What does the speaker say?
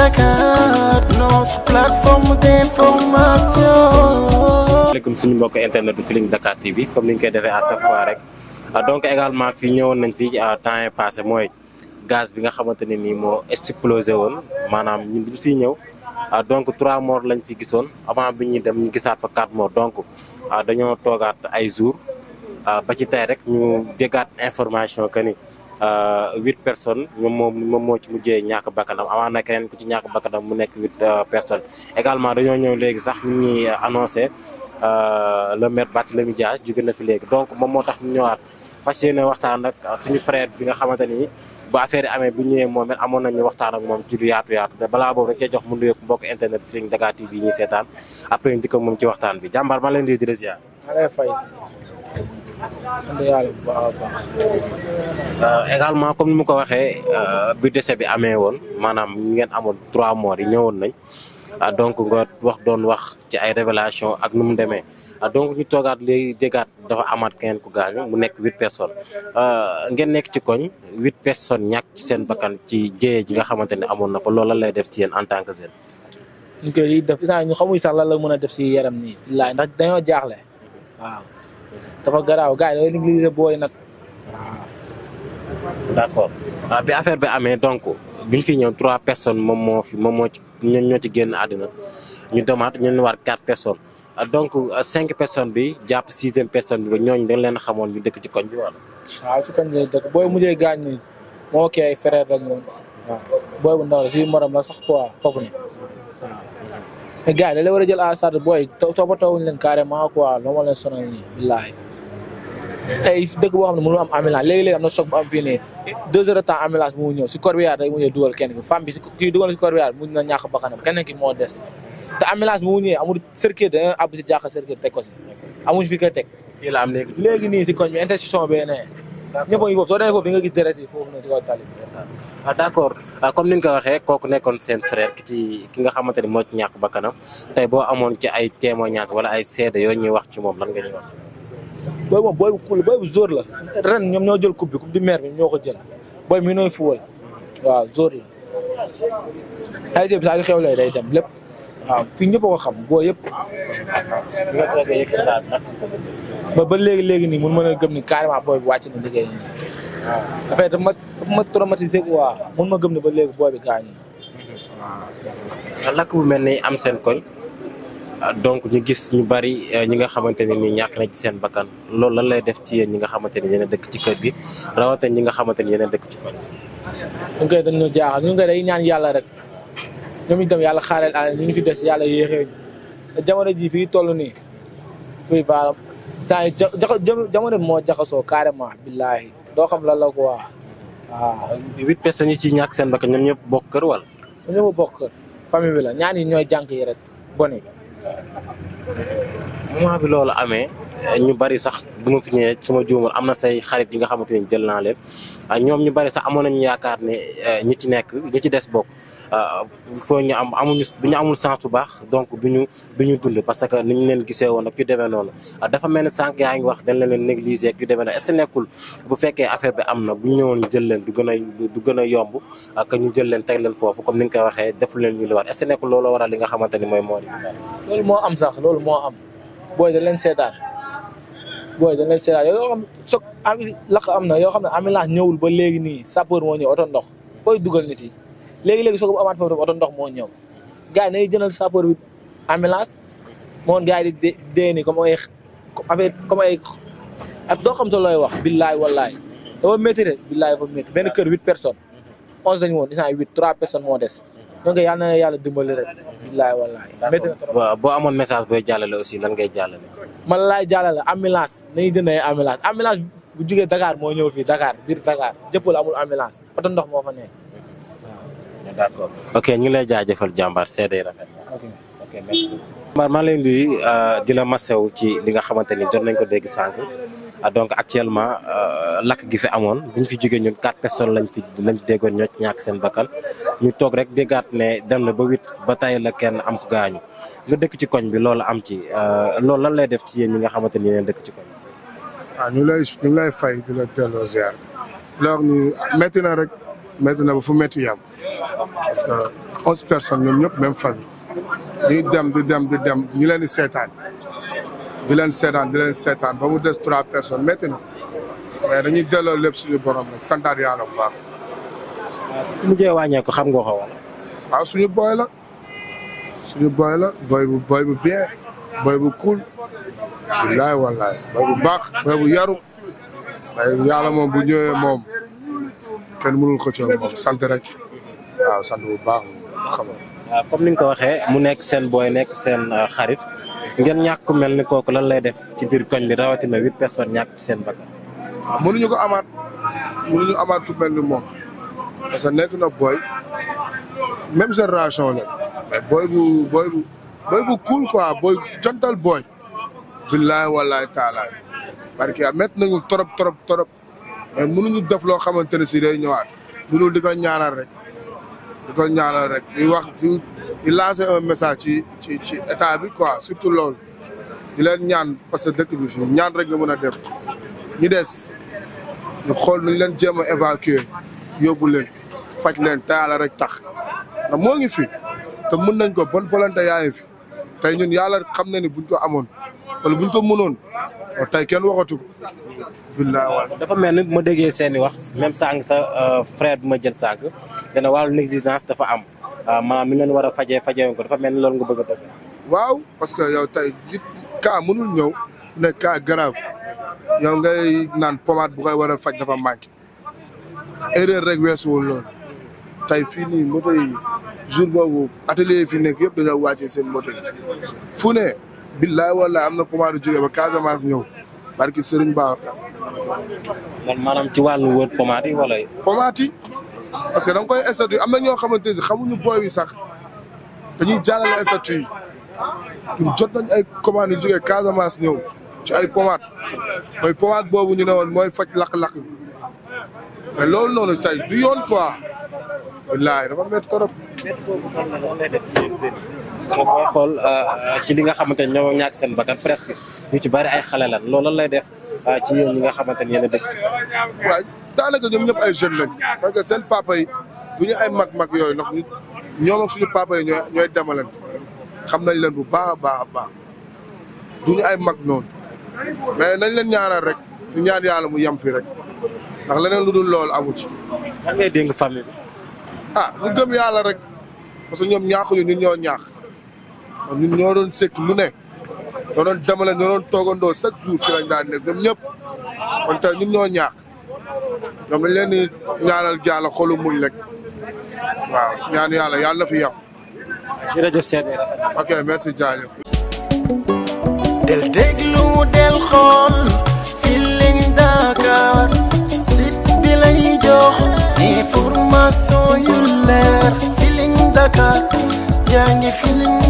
Dakar notre plateforme d'information. maaleykum suñu mbokk internet du Feeling Dakar TV comme ni ñu koy defee à chaque fois rek ah, donc également fii ñëwoon nañ fii ah, temps yi passé mooy gaz bi nga xamante ne nii moo explosé woon maanaam ñun bi ñu fiy ñëw ah, donc trois morts lañ fi gisoon avant bi ñuy dem ñu gisaat fa quatre morts donc dañoo toogaat ay jours ba ci tey rek ñu déggaat information que Euh, huit personnes ñoom moom moom moo ci mujjee ñàkk bakkanam avant na keneen ku ci ñàkk bakkanam mu nekk huit euh, personnes également dañoo ñëw léegi sax ñu ñuy euh, annoncé le maire Barthélémy Dias jóge na fi léegi donc moom moo tax ñu ñëwaat fas yéene waxtaan ak suñu frère bi nga xamante ni ba affaire yi amee bu ñëwee moom it amoon nañu waxtaan ak moom ci lu yaatu yaatu te balaa boobu dañ cee jox mu nuyoog mbokk internet Feeling Dakar TV yi ñuy seetaan après ñu dikk moom ci waxtaan bi jàmbaar maa leen di di la sant a baax. Euh, comme ni mu ko waxee euh, bu décès bi amee woon maanaam ngeen amoon trois morts yi ñëwoon nañ euh, donc nga wax doon wax ci ay révélation ak nu mu demee donc ñu toogaat léegi jegaat dafa amaat keneen ku gaañu mu nekk huit personnes ngeen nekk ci koñ huit personnes ñàkk ci seen bakkan ci jéye ji nga xamante ne amoon na fa loolu lan lay def ci yéen en tant que jeune. ñu koy def isaan ñu sax lan la mën a def si yaram nii. laaj ndax dañoo jaaxle waaw. dafa garaaw gars yi dañuy booy nag waaw. Ah. Ah, bi affaire bi amee donc biñ fi ñëw trois personnes moom moo fi moom moo ci ñoom ñoo ci génn àddina ñu demaat ñu war quatre personnes ah, donc cinq personnes bi jàpp sixième personne bi ñooñ dañ leen xamoon ñu dëkk ci koñ bi wala. waaw ci koñ bi dëkk booy mujjee gaañ ni moo kii ay frère rek moom booy bu ndaw la suñu la sax quoi foofu na waaw. gars la war a jël à sart booy toppatoo wuñ leen carrément quoi loo ma leen sonal nii billaay ay dëkk boo xam ne mënu am ambulance léegi-léegi am na choc bu am fii nii de temps ambulance mu ñëw si corbillard day mujjee dugal kenn ki bi kii dugal si corbillard mujj na ñàkk bakkanam kenn ki moo te ambulance bu mu ñëwee amul circuit dana àbb si jàkka circuit teg ko si fi ko teg fii la si koñ bi intersection bi ñëpp a ngi foofu soo demee foofu di nga gis deret yi foofu noonu si kaw tali bi d' ah, accord ah, comme ni nga ko waxee kooku nekkoon seen frère ki ci ki nga xamante ni moo ci ñàkk bakkanam tey boo amoon ci ay témoignage wala ay seede yoo ñuy wax ci moom lan nga ñuy wax booy moom booy bu cool booy bu jour la ren ñoom ñoo jël coupe bi coupe du maire bi ñoo ko jël booy mi nooy fuwal waaw jour la ay bi saa yu xew lay day dem lépp waaw fii ñëpp a ko xam booy yëpp ba ba léegi léegi nii mun mën a gëm ni carrément booy bi wàcc na liggéey nii waaw affaire daf ma daf ma traumatisé mun ma gëm ne ba léegi booy bi gaañu. waaw lakk bu mel ni am seen koñ donc ñu gis ñu bari eh, ñu nga xamante ne nii ñàkk na ci seen bakkan loolu lan lay def ci yéen ñi nga xamante ne yéen a dëkk ci kër gi rawatina ñi nga xamante ne yéen a dëkk ci koñ. ñu koy dañ jaaxal ñu ngi koy ñaan yàlla rek ñoom itam yàlla xaareel àll ñu ngi fi des yàlla yéexee te jamono jii fii toll nii. temps yi jaxa jamono moo jaxasoo carrément billaahi doo xam lan la ko waa waaw. huit personnes yi ci ñàkk seen bakkan ñoom ñëpp bokk kër wala. ñoom ñëpp bokk kër famille la ñaan yi ñooy jànk yi rek bon yi. bi loolu amee ñu bari sax bu ma fi ñëwee su ma am na say xarit yi nga xamante naa leen ah, ñoom ñu bari sax amoon nañu yaakaar ne eh, ñi ci nekk ci des bokk ah, foo ñu am amuñu bu ñu amul chance bu baax donc duñu duñu dund parce que ni ñu leen gisee woon ak yu demee noonu ah, dafa mel ni sànq yaa ngi wax dañ leen négliger ak yu demee noonu est-ce que am na bu ñëwoon jël leen du gën a gën a yomb que ñu jël leen teg leen foofu comme ni nga koy waxee deful leen ñu li war est-ce que nekkul loolu waral li nga xamante ni mooy moo loolu moo am sax loolu moo am booy da leen seetaan booy da ngay seetaan yoo xam soog ami lakk am na yoo xam ne ambulance ñëwul ba léegi nii sapeur moo ñëw oto ndox fooy dugal nit yi léegi-léegi soog amaat foofu oto ndox moo ñëw gars yi nañuy jënal sapeur bi ambulance moon gars yi di dee nii comme ay affaire comme ay ak doo xam te looy wax billaay wallaay dafa métti de billaay dafa métti benn kër huit personnes onze dañu woon instant huit trois personnes moo des donc yàlla na yàlla dimbali rek billaay wallaay métti waaw amoon message booy jàllale aussi lan ngay jàllale man laay jàllale ambulance nañu jënd ay ambulance bu jugee Dakar moo ñëw fii Dakar biir Dakar jëppal amul ambulance oto ndox moo fa ok ñu ngi lay jaajëfal jàmbaar seede Ousmane maa leen euh, ma sew ci li nga xamante ni jot nañ ko dégg sànq euh, donc actuellement euh, lakk gi fi amoon buñ fi jigéen ñu quatre personnes lañ fi lañ fi déggoon ñoo ñaak seen bakkan ñu toog rek déggaat ne dem na ba huit ba tey la kenn am ku gaañu nga dëkk ci koñ bi loolu am ci lool lan lay def ci yéen ñi nga xamante ni yéen ci koñ bi. Ah, ñu lay fay di la delloo ziar alors ñu na rek métti na ba fu métti yam parce que onze personnes ñoom ñëpp même famille. ñuy dem di dem di dem ñu leen di seetaan di leen seetaan di leen seetaan ba mu des trois personnes métti na mais dañuy delloo lépp suñu borom rek santaat yàlla bu baax. waaw mu jee wàññeeku xam nga ko woon. waaw ah, suñu boy la suñu boy la boy bu bu bien boy bu cool. billaay wallaay boy bu baax boy bu yaru. waaye yàlla moom bu ñëwee moom kenn mënul ko coow moom sant rek waaw sant bu baax xam Euh, comme ni nga ko waxee mu nekk seen booy nekk seen euh, xarit ngeen ñàkk mel ni kooku lan lay def ci biir koñ bi rawatina huit personnes ñàkk ci seen bakkan. waaw mënuñu ko amaat mënuñu amaat ku mel ni moom parce que nekk na booy même génération la mais booy bu booy bu booy bu cool quoi booy jantal booy. billaay wallaay taalaay parce que met nañu trop trop trop mais mënuñu def loo xamante ne si day ñëwaat loolu di ko ñaanal rek. ko ñaanal rek di wax i di lancer un message ci ci ci état bi quoi surtout lool di leen ñaan parce que dëkk bi fii ñaan rek nga mën a def ñu des ñu xool nu ñu leen jéem a évacuer yóbbu leen faj leen te yàlla rek tax ndax moo ngi fi te mun nañ ko bonne volonté yaa ngi fi tey ñun yàlla xam na ni buñ ko amoon wala buñ ko mënoon tey kenn waxatu dafa mel ni ma déggee seeni wax même sànq sa euh, frère bi ma jël sànq dana wàllu négligence dafa am euh, maanaam mi leen war a faje fajee dafa mel ni loolu nga bëgga a waaw parce que yow tey nit cas mënul ñëw ne cas grave yow ngay naan pommade bu koy war faj dafa manqué erreur rek weesuwul loolu tey fii nii moto yi jour boobu atelier yi fi nekk yëpp dañoo wàccee seen moto yi fu ne. billaay walaay am na commande jógee ba Casamance ñëw barki Serigne Ba. man maanaam ci wàllu wër pommade yi wala. pommade yi parce que da nga koy statut am na ñoo xamante ne xamuñu booy wi sax dañuy jàllale statut yi pour jot nañ ay commande yu jógee Casamance ñëw ci ay pommade mooy pommade boobu ñu ne woon mooy faj lakk-lakk mais loolu noonu tey du yoon quoi. wallaahi dafa métti trop. moom mooy xool euh, ci li nga xamante ni ñoo ñàkk seen bakkan presque ñu ci bari ay xale lan loolu lay def euh, ci yéen ñi nga xamante ni yéen a dëkk. waaw daanaka ñoom ñëpp ay jeunes lañ seen papa yi du ñu ay mag-mag yooyu ndax ñoom ak suñu papa yi ñooy ñooy demalante xam nañ leen bu baax a baax baax du ay mag noonu mais nañ leen ñaanal rek ñu ñaan yàlla mu yem fi rek ndax leneen lu dul lool amu ci. lan ngay dénk famille bi. ah gëm yàlla rek parce que ñoom ñaaxuñu ñun ñoo ñaax. ñun ñoo doon sekk lu ne ñoo doon demale ñoo doon toogandoo chaque jour fi lañ daan nekk ñoom ñëpp kon tey ñun ñoo ñaax ñoom dañ leen di ñaanal yàlla xolu muñ rek waaw ñaan yàlla yàlla fi yam jërëjëf Sène ok merci jaajëf del déglu del xool Feeling Dakar site bi lay jox information yu leer Feeling Dakar yaa ngi Feeling